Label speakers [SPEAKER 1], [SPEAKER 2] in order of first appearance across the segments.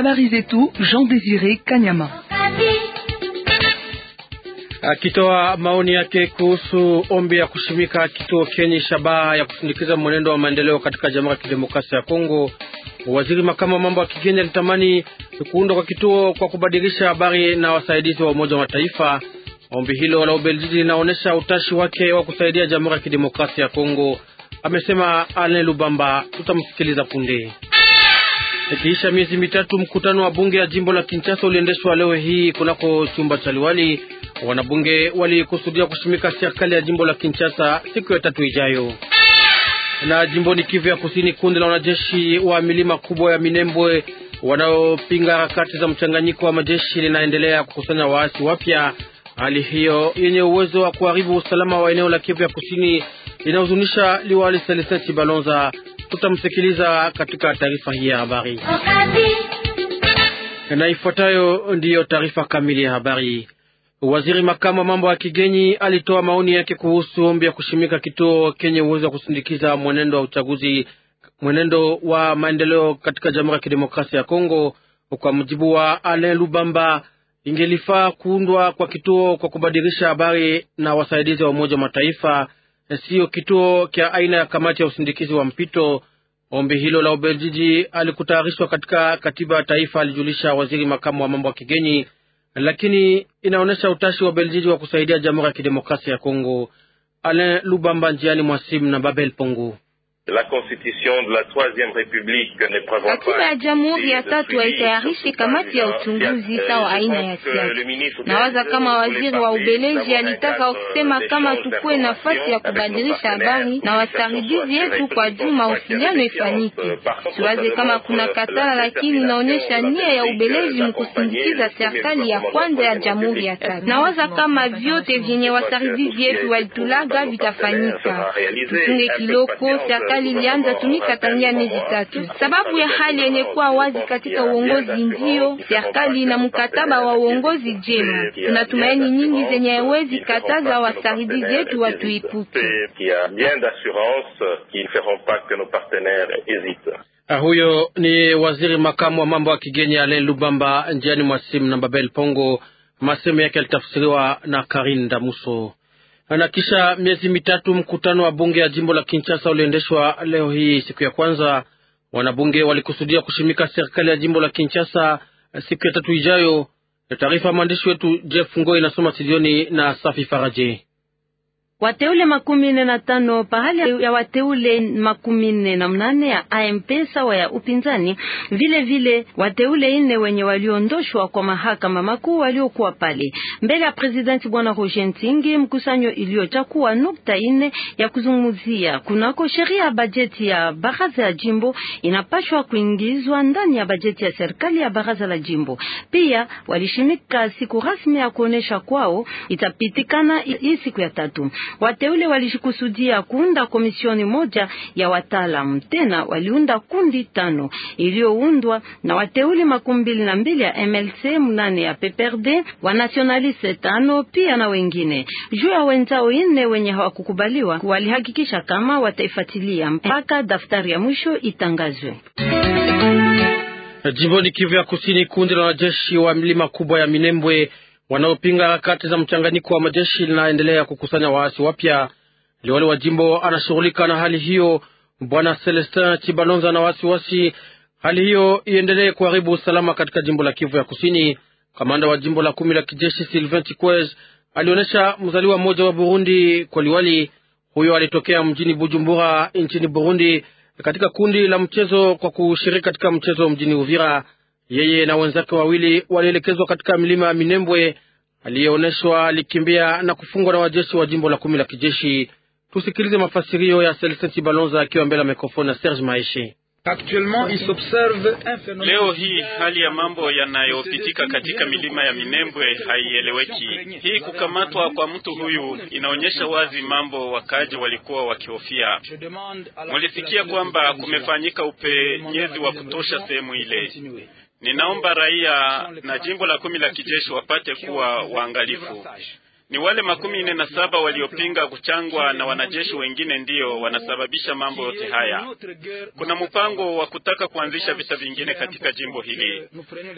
[SPEAKER 1] Habari zetu Jean Désiré Kanyama
[SPEAKER 2] akitoa maoni yake kuhusu ombi ya kushimika kituo chenye shabaha ya kusindikiza mwenendo wa maendeleo katika Jamhuri ya Kidemokrasia ya Kongo. Waziri makamu wa mambo ya kigeni alitamani kuundwa kwa kituo kwa kubadilisha habari na wasaidizi wa Umoja wa Mataifa. Ombi hilo la Ubelgiji linaonyesha utashi wake wa kusaidia Jamhuri ya Kidemokrasia ya Kongo, amesema Alain Lubamba. Tutamsikiliza punde. Ikiisha miezi mitatu, mkutano wa bunge ya jimbo la Kinshasa uliendeshwa leo hii kunako chumba cha liwali. Wanabunge walikusudia kushimika serikali ya jimbo la Kinshasa siku ya tatu ijayo. Na jimboni Kivu ya Kusini, kundi la wanajeshi wa milima kubwa ya Minembwe wanaopinga harakati za mchanganyiko wa majeshi linaendelea kukusanya waasi wapya. Hali hiyo yenye uwezo wa kuharibu usalama wa eneo la Kivu ya Kusini inahuzunisha liwali Celestin balonza tutamsikiliza katika taarifa hii ya habari. Na ifuatayo ndiyo taarifa kamili ya habari. Waziri makamu wa mambo ya kigeni alitoa maoni yake kuhusu ombi ya kushimika kituo kenye uwezo wa kusindikiza mwenendo wa uchaguzi, mwenendo wa maendeleo katika Jamhuri ya Kidemokrasia ya Kongo. Kwa mujibu wa Alain Lubamba, ingelifaa kuundwa kwa kituo kwa kubadilisha habari na wasaidizi wa Umoja wa Mataifa siyo kituo kya aina ya kamati ya usindikizi wa mpito. Ombi hilo la Ubeljiji alikutayarishwa katika katiba ya taifa, alijulisha waziri makamu wa mambo ya kigeni, lakini inaonyesha utashi wa Ubeljiji wa kusaidia Jamhuri ya Kidemokrasia ya Kongo. Alain Lubamba njiani mwa simu na Babel
[SPEAKER 3] Pongu la constitution de la Troisième république ne prévoit Katiba ya
[SPEAKER 1] jamhuri ya tatu haitayarishi kamati ya
[SPEAKER 3] uchunguzi sawa aina ya siasa. Nawaza
[SPEAKER 1] kama waziri wa Ubeleji alitaka kusema kama tukue nafasi ya kubadilisha habari na wasaidizi yetu kwa juu mawasiliano ifanyike. Siwaze kama kuna katala, lakini inaonyesha nia ya euh, Ubeleji mkusindikiza serikali ya kwanza ya jamhuri ya tatu. Nawaza kama vyote vyenye wasaidizi yetu walitulaga vitafanyika.
[SPEAKER 4] Tunge kiloko serikali
[SPEAKER 1] lilianza ilianza tumika tangia miezi tatu. Sababu ya hali yenye kuwa wazi katika uongozi ndiyo serikali na mkataba wa uongozi
[SPEAKER 3] jema. tumaini nyingi zenye
[SPEAKER 2] hawezi kataza wasaidizi wetu watuipuke. Ah, huyo ni waziri makamu wa mambo ya kigeni Alain Lubamba, njiani mwa simu na Babel Pongo. Masemo yake yalitafsiriwa na Karin Damuso. Na kisha miezi mitatu, mkutano wa bunge ya jimbo la Kinshasa uliendeshwa leo hii siku ya kwanza. Wanabunge walikusudia kushimika serikali ya jimbo la Kinshasa siku ya tatu ijayo. Taarifa ya mwandishi wetu Jeff Ngoi inasoma studioni na Safi Faraje.
[SPEAKER 4] Wateule makumi nne na tano pahali ya wateule makumi nne na mnane ya AMP sawa ya upinzani. Vile vile wateule nne wenye waliondoshwa kwa mahakama makuu waliokuwa pale mbele ya presidenti bwana Roger Ntingi, mkusanyo iliyochakuwa nukta nne ya kuzungumzia kunako sheria ya bajeti ya baraza ya jimbo inapashwa kuingizwa ndani ya bajeti ya serikali ya baraza la jimbo. Pia walishimika siku rasmi ya kuonesha kwao itapitikana hii siku ya tatu. Wateule walishikusudia kuunda komisioni moja ya wataalamu, tena waliunda kundi tano iliyoundwa na wateule makumi mbili na mbili ya MLC mnane ya PPRD wa nationaliste tano pia na wengine. Juu ya wenzao ine wenye hawakukubaliwa, walihakikisha kama wataifuatilia mpaka daftari ya mwisho itangazwe.
[SPEAKER 2] Jimboni Kivu ya Kusini, kundi la wanajeshi wa milima kubwa ya Minembwe wanaopinga harakati za mchanganyiko wa majeshi linaendelea kukusanya waasi wapya. Liwali wa jimbo anashughulika na hali hiyo, Bwana Celestin Chibanonza, na wasiwasi hali hiyo iendelee kuharibu usalama katika jimbo la Kivu ya Kusini. Kamanda wa jimbo la kumi la kijeshi Sylvain Tikwez alionyesha mzaliwa mmoja wa Burundi kwa liwali huyo. Alitokea mjini Bujumbura nchini Burundi katika kundi la mchezo kwa kushiriki katika mchezo mjini Uvira. Yeye na wenzake wawili walielekezwa katika milima ya Minembwe aliyeonyeshwa alikimbia na kufungwa na wajeshi wa jimbo la kumi la kijeshi. Tusikilize mafasirio ya Celestin balonza akiwa mbele ya mikrofoni na Serge Maishi.
[SPEAKER 3] Leo hii hali ya mambo yanayopitika katika milima ya Minembwe haieleweki. Hii kukamatwa kwa mtu huyu inaonyesha wazi mambo wakaji walikuwa wakihofia.
[SPEAKER 1] Mulisikia kwamba
[SPEAKER 3] kumefanyika upenyezi wa kutosha sehemu ile. Ninaomba raia na jimbo la kumi la kijeshi wapate kuwa waangalifu. Ni wale makumi nne na saba waliopinga kuchangwa na wanajeshi wengine ndiyo wanasababisha mambo yote haya. Kuna mpango wa kutaka kuanzisha vita vingine katika jimbo hili.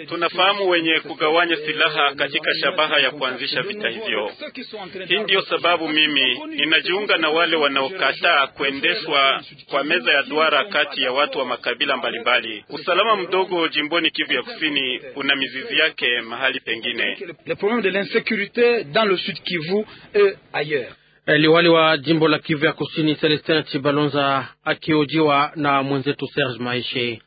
[SPEAKER 3] Tunafahamu wenye kugawanya silaha katika shabaha ya kuanzisha vita hivyo. Hii ndiyo sababu mimi ninajiunga na wale wanaokataa kuendeshwa kwa meza ya duara kati ya watu wa makabila mbalimbali. Usalama mdogo jimboni Kivu ya Kusini una mizizi yake mahali pengine. Kivu et ailleurs.
[SPEAKER 2] Eh, liwali wa jimbo la Kivu ya Kusini Celestin Chibalonza akiojiwa na mwenzetu Serge Maishe.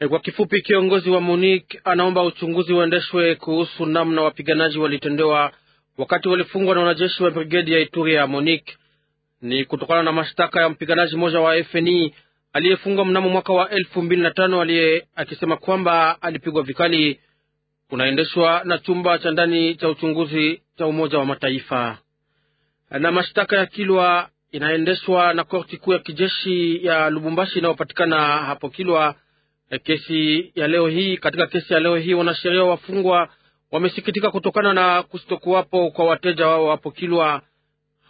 [SPEAKER 2] Eh, kwa kifupi, kiongozi wa MONUC anaomba uchunguzi uendeshwe kuhusu namna wapiganaji walitendewa wakati walifungwa na wanajeshi wa brigedi ya Ituri ya MONUC. Ni kutokana na mashtaka ya mpiganaji mmoja wa FNI aliyefungwa mnamo mwaka wa elfu mbili na tano aliye akisema kwamba alipigwa vikali. Kunaendeshwa na chumba cha ndani cha uchunguzi cha Umoja wa Mataifa. Na mashtaka ya Kilwa inaendeshwa na korti kuu ya kijeshi ya Lubumbashi inayopatikana hapo Kilwa. Eh, kesi ya leo hii, katika kesi ya leo hii wanasheria wafungwa wamesikitika kutokana na kusitokuwapo kwa wateja wao hapo Kilwa.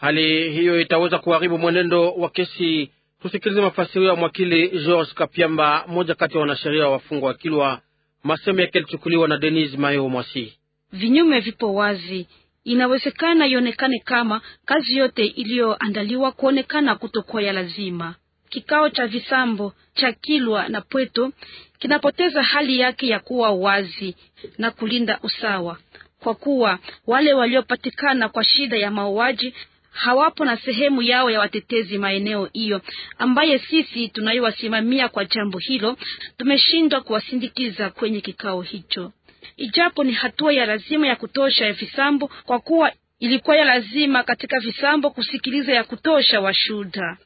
[SPEAKER 2] Hali hiyo itaweza kuharibu mwenendo wa kesi. Tusikilize mafasirio ya mwakili George Kapiamba, mmoja kati ya wanasheria wafungwa wa Kilwa. Masemo yake yalichukuliwa na Denis Mayo Mwasi.
[SPEAKER 1] Vinyume vipo wazi inawezekana ionekane kama kazi yote iliyoandaliwa kuonekana kutokuwa ya lazima. Kikao cha Visambo cha Kilwa na Pweto kinapoteza hali yake ya kuwa wazi na kulinda usawa, kwa kuwa wale waliopatikana kwa shida ya mauaji hawapo na sehemu yao ya watetezi maeneo hiyo, ambaye sisi tunayowasimamia kwa jambo hilo tumeshindwa kuwasindikiza kwenye kikao hicho ijapo ni hatua ya lazima ya kutosha ya visambo kwa kuwa ilikuwa ya lazima katika visambo kusikiliza ya kutosha washuda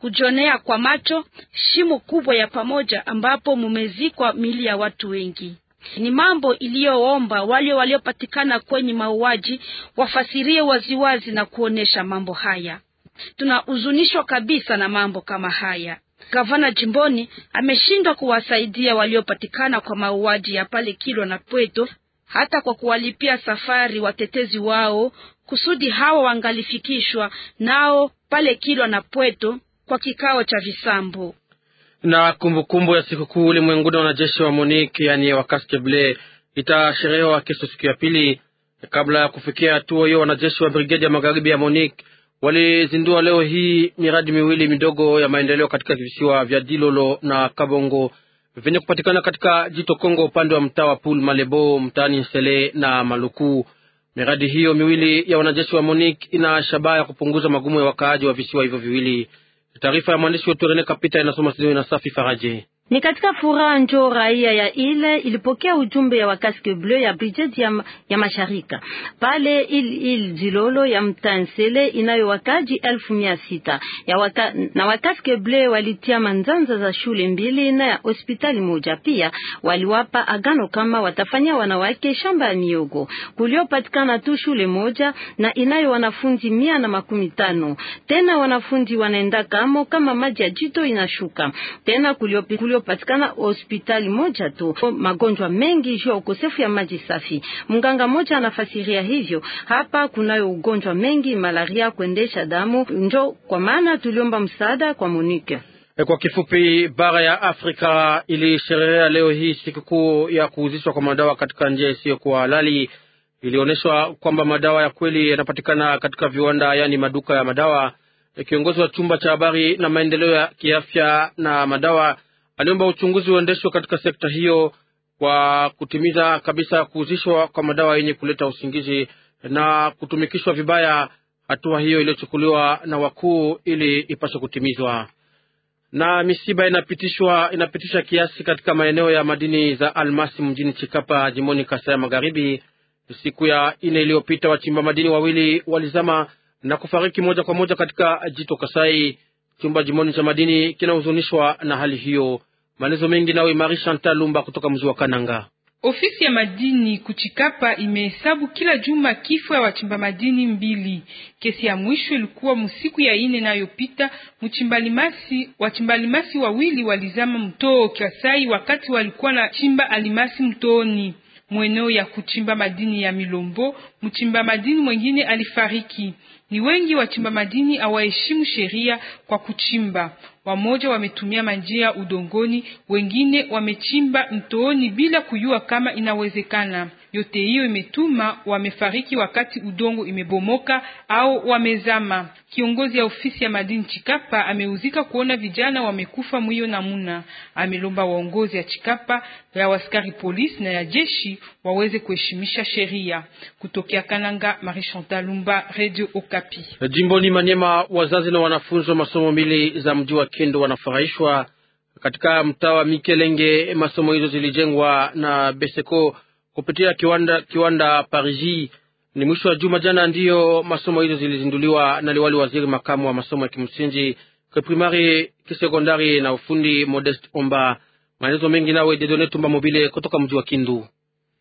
[SPEAKER 1] kujionea kwa macho shimo kubwa ya pamoja ambapo mumezikwa mili ya watu wengi. Ni mambo iliyoomba wale waliopatikana kwenye mauaji wafasirie waziwazi na kuonesha mambo haya. Tunahuzunishwa kabisa na mambo kama haya. Gavana jimboni ameshindwa kuwasaidia waliopatikana kwa mauaji ya pale Kilwa na Pweto, hata kwa kuwalipia safari watetezi wao kusudi hawa wangalifikishwa nao pale Kilwa na Pweto kwa kikao cha visambo.
[SPEAKER 2] Na kumbukumbu kumbu ya sikukuu ulimwenguni wanajeshi wa Monique yani Castable itasherehewa kesho siku ya pili. Kabla ya kufikia hatua hiyo, wanajeshi wa brigedi ya magharibi ya Monique walizindua leo hii miradi miwili midogo ya maendeleo katika visiwa vya Dilolo na Kabongo vyenye kupatikana katika jito Kongo upande wa mtaa wa Pool Malebo mtaani Sele na Maluku. Miradi hiyo miwili ya wanajeshi wa MONUC ina shabaha ya kupunguza magumu ya wakaaji wa visiwa hivyo viwili. Taarifa ya mwandishi wetu Rene Kapita inasoma Sidoni na Safi Faraje.
[SPEAKER 4] Ni katika furaha njo raia ya ile ilipokea ujumbe ya wakaske bleu ya brigade ya, ya masharika pale il il jilolo ya mtansele inayo wakaji elfu mia sita ya waka, na wakaske bleu walitia manzanza za shule mbili na ya hospitali moja. Pia waliwapa agano kama watafanya wanawake shamba ya miogo kuliopatikana tu shule moja na inayo wanafunzi mia na makumi tano tena wanafunzi wanaenda kamo kama maji ya jito inashuka tena kuliopi, kulio iliyopatikana hospitali moja tu, magonjwa mengi juu ya ukosefu ya maji safi. Mganga moja anafasiria hivyo, hapa kunayo ugonjwa mengi, malaria, kuendesha damu, njo kwa maana tuliomba msaada kwa Monique.
[SPEAKER 2] E, kwa kifupi, bara ya Afrika ilisherehea leo hii sikukuu ya kuuzishwa kwa madawa katika njia isiyokuwa halali. Ilionyeshwa kwamba madawa ya kweli yanapatikana katika viwanda, yaani maduka ya madawa. E, kiongozi wa chumba cha habari na maendeleo ya kiafya na madawa aliomba uchunguzi uendeshwe katika sekta hiyo kwa kutimiza kabisa kuhuzishwa kwa madawa yenye kuleta usingizi na kutumikishwa vibaya, hatua hiyo iliyochukuliwa na wakuu ili ipaswe kutimizwa. Na misiba inapitishwa inapitisha kiasi katika maeneo ya madini za almasi mjini Chikapa, jimoni Kasaya Magharibi. Siku ya ine iliyopita, wachimba madini wawili walizama na kufariki moja kwa moja katika jito Kasai. Chumba jimoni cha madini kinahuzunishwa na hali hiyo. Maelezo mengi nawe Marie Chantal Lumba kutoka mji wa Kananga.
[SPEAKER 1] Ofisi ya madini kuchikapa imehesabu kila juma kifo ya wachimba madini mbili. Kesi ya mwisho ilikuwa msiku ya ine inayopita, mchimbalimasi wachimbalimasi wawili walizama mtoo Kasai wakati walikuwa na chimba alimasi mtooni mweneo ya kuchimba madini ya Milombo. Mchimba madini mwengine alifariki. Ni wengi wachimba madini awaheshimu sheria kwa kuchimba. Wamoja wametumia manjia udongoni, wengine wamechimba mtooni bila kujua kama inawezekana. Yote hiyo imetuma wamefariki wakati udongo imebomoka au wamezama. Kiongozi ya ofisi ya madini Chikapa ameuzika kuona vijana wamekufa mwiyo muna Amelomba waongozi ya Chikapa ya waskari polisi na ya jeshi waweze kuheshimisha sheria. Kutokea Kananga, Marie Chantal Lumba, Radio Okapi.
[SPEAKER 2] Jimboni Manyema, wazazi na wanafunzi wa masomo mbili za mji wa Kendo wanafurahishwa katika mtaa wa Mikelenge. Masomo hizo zilijengwa na Beseko kupitia kiwanda kiwanda Parisi. Ni mwisho wa juma jana ndiyo masomo hizo zilizinduliwa na liwali waziri makamu wa masomo ya kimsingi kiprimari, kisekondari na ufundi Modest Omba. Maelezo mengi nawe Dedone Tumba Mobile kutoka mji wa
[SPEAKER 3] Kindu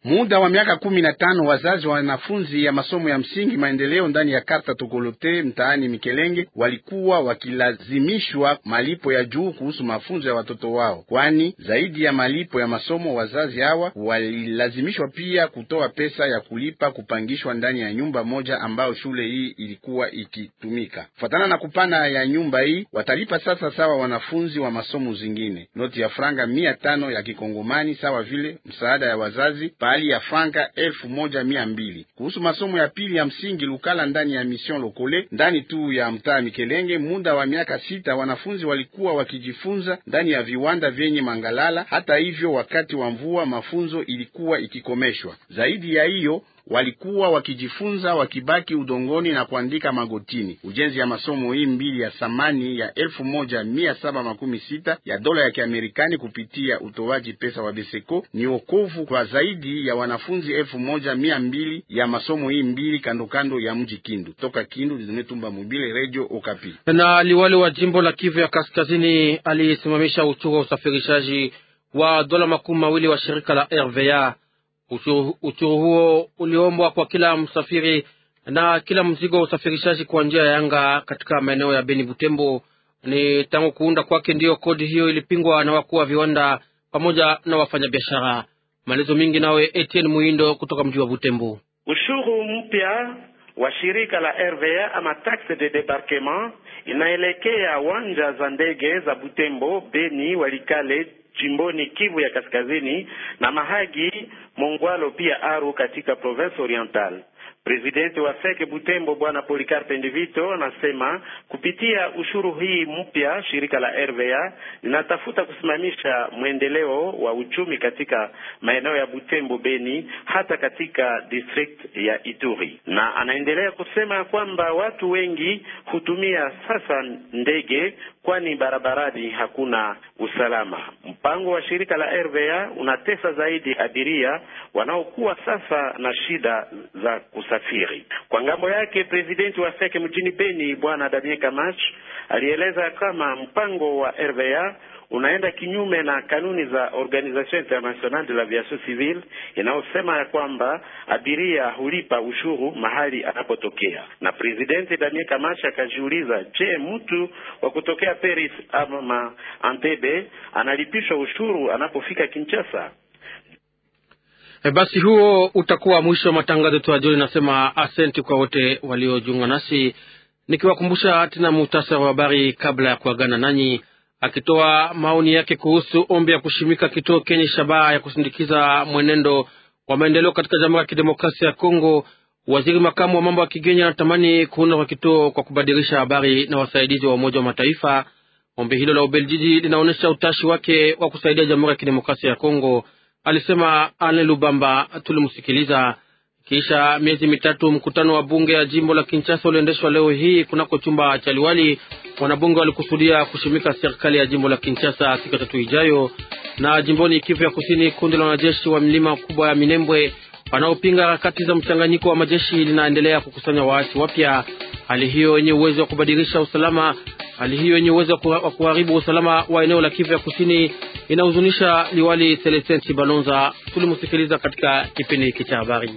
[SPEAKER 3] muda wa miaka kumi na tano wazazi wa wanafunzi ya masomo ya msingi maendeleo ndani ya karta Tokolote mtaani Mikelenge walikuwa wakilazimishwa malipo ya juu kuhusu mafunzo ya watoto wao, kwani zaidi ya malipo ya masomo wazazi hawa walilazimishwa pia kutoa pesa ya kulipa kupangishwa ndani ya nyumba moja ambayo shule hii ilikuwa ikitumika. Kufuatana na kupana ya nyumba hii, watalipa sasa sawa wanafunzi wa masomo zingine noti ya franga mia tano ya kikongomani sawa vile msaada ya wazazi pa mahali ya franga elfu moja mia mbili. Kuhusu masomo ya pili ya msingi Lukala ndani ya Mission Lokole ndani tu ya mtaa Mikelenge, muda wa miaka sita wanafunzi walikuwa wakijifunza ndani ya viwanda vyenye mangalala. Hata hivyo, wakati wa mvua mafunzo ilikuwa ikikomeshwa. Zaidi ya hiyo walikuwa wakijifunza wakibaki udongoni na kuandika magotini. Ujenzi ya masomo hii mbili ya thamani ya elfu moja mia saba makumi sita ya dola ya Kiamerikani kupitia utoaji pesa wa Beseko ni wokovu kwa zaidi ya wanafunzi elfu moja mia mbili ya masomo hii mbili kandokando ya mji Kindu. Toka Kindu, Zinetumba Mubile, Radio Okapi.
[SPEAKER 2] Na liwali wa jimbo la Kivu ya Kaskazini alisimamisha uchuru wa usafirishaji wa dola makumi mawili wa shirika la RVA Ushuru huo uliombwa kwa kila msafiri na kila mzigo wa usafirishaji kwa njia ya yanga katika maeneo ya Beni Butembo. Ni tangu kuunda kwake ndiyo kodi hiyo ilipingwa na wakuu wa viwanda pamoja na wafanyabiashara. Maelezo mingi nawe Etienne Muindo kutoka mji wa Butembo.
[SPEAKER 5] Ushuru mpya wa shirika la RVA ama taxe de debarquement inaelekea wanja za ndege za Butembo, Beni, Walikale jimboni Kivu ya Kaskazini na Mahagi, Mongwalo pia Aru katika Province Oriental. Presidenti wa Seke Butembo Bwana Polikarpe Ndivito anasema kupitia ushuru hii mpya shirika la RVA linatafuta kusimamisha mwendeleo wa uchumi katika maeneo ya Butembo, Beni, hata katika district ya Ituri. Na anaendelea kusema kwamba watu wengi hutumia sasa ndege kwani barabarani hakuna usalama. Mpango wa shirika la RVA unatesa zaidi abiria wanaokuwa sasa na shida za kusafiri. Kwa ngambo yake, presidenti wa feke mjini Beni Bwana Damien Kamach alieleza kama mpango wa RVA unaenda kinyume na kanuni za Organisation Internationale de l'Aviation Civile inayosema ya kwamba abiria hulipa ushuru mahali anapotokea. Na Presidenti Damien Kamasha akajiuliza, je, mtu wa kutokea Paris ama Antebe analipishwa ushuru anapofika Kinshasa?
[SPEAKER 2] E, basi huo utakuwa mwisho wa matangazo yetu ya jioni. Nasema asenti kwa wote waliojiunga nasi nikiwakumbusha tena muhtasari wa habari kabla ya kuagana nanyi akitoa maoni yake kuhusu ombi ya kushimika kituo kenye shabaha ya kusindikiza mwenendo wa maendeleo katika Jamhuri ya Kidemokrasia ya Kongo. Waziri makamu wa mambo ya kigeni anatamani kuunda kwa kituo kwa kubadilisha habari na wasaidizi wa Umoja wa Mataifa. Ombi hilo la Ubeljiji linaonyesha utashi wake wa kusaidia Jamhuri ya Kidemokrasia ya Kongo, alisema ane Lubamba. Tulimsikiliza. Kisha miezi mitatu, mkutano wa bunge ya jimbo la Kinshasa uliendeshwa leo hii kunako chumba cha liwali. Wanabunge walikusudia kushimika serikali ya jimbo la Kinshasa siku tatu ijayo. Na jimboni Kivu ya Kusini, kundi la wanajeshi wa milima kubwa ya Minembwe wanaopinga harakati za mchanganyiko wa majeshi linaendelea kukusanya waasi wapya. Hali hiyo yenye uwezo wa kubadilisha usalama, hali hiyo yenye uwezo wa kuharibu usalama wa eneo la Kivu ya Kusini Inahuzunisha liwali Celestin Chibalonza, tulimsikiliza katika kipindi hiki cha habari.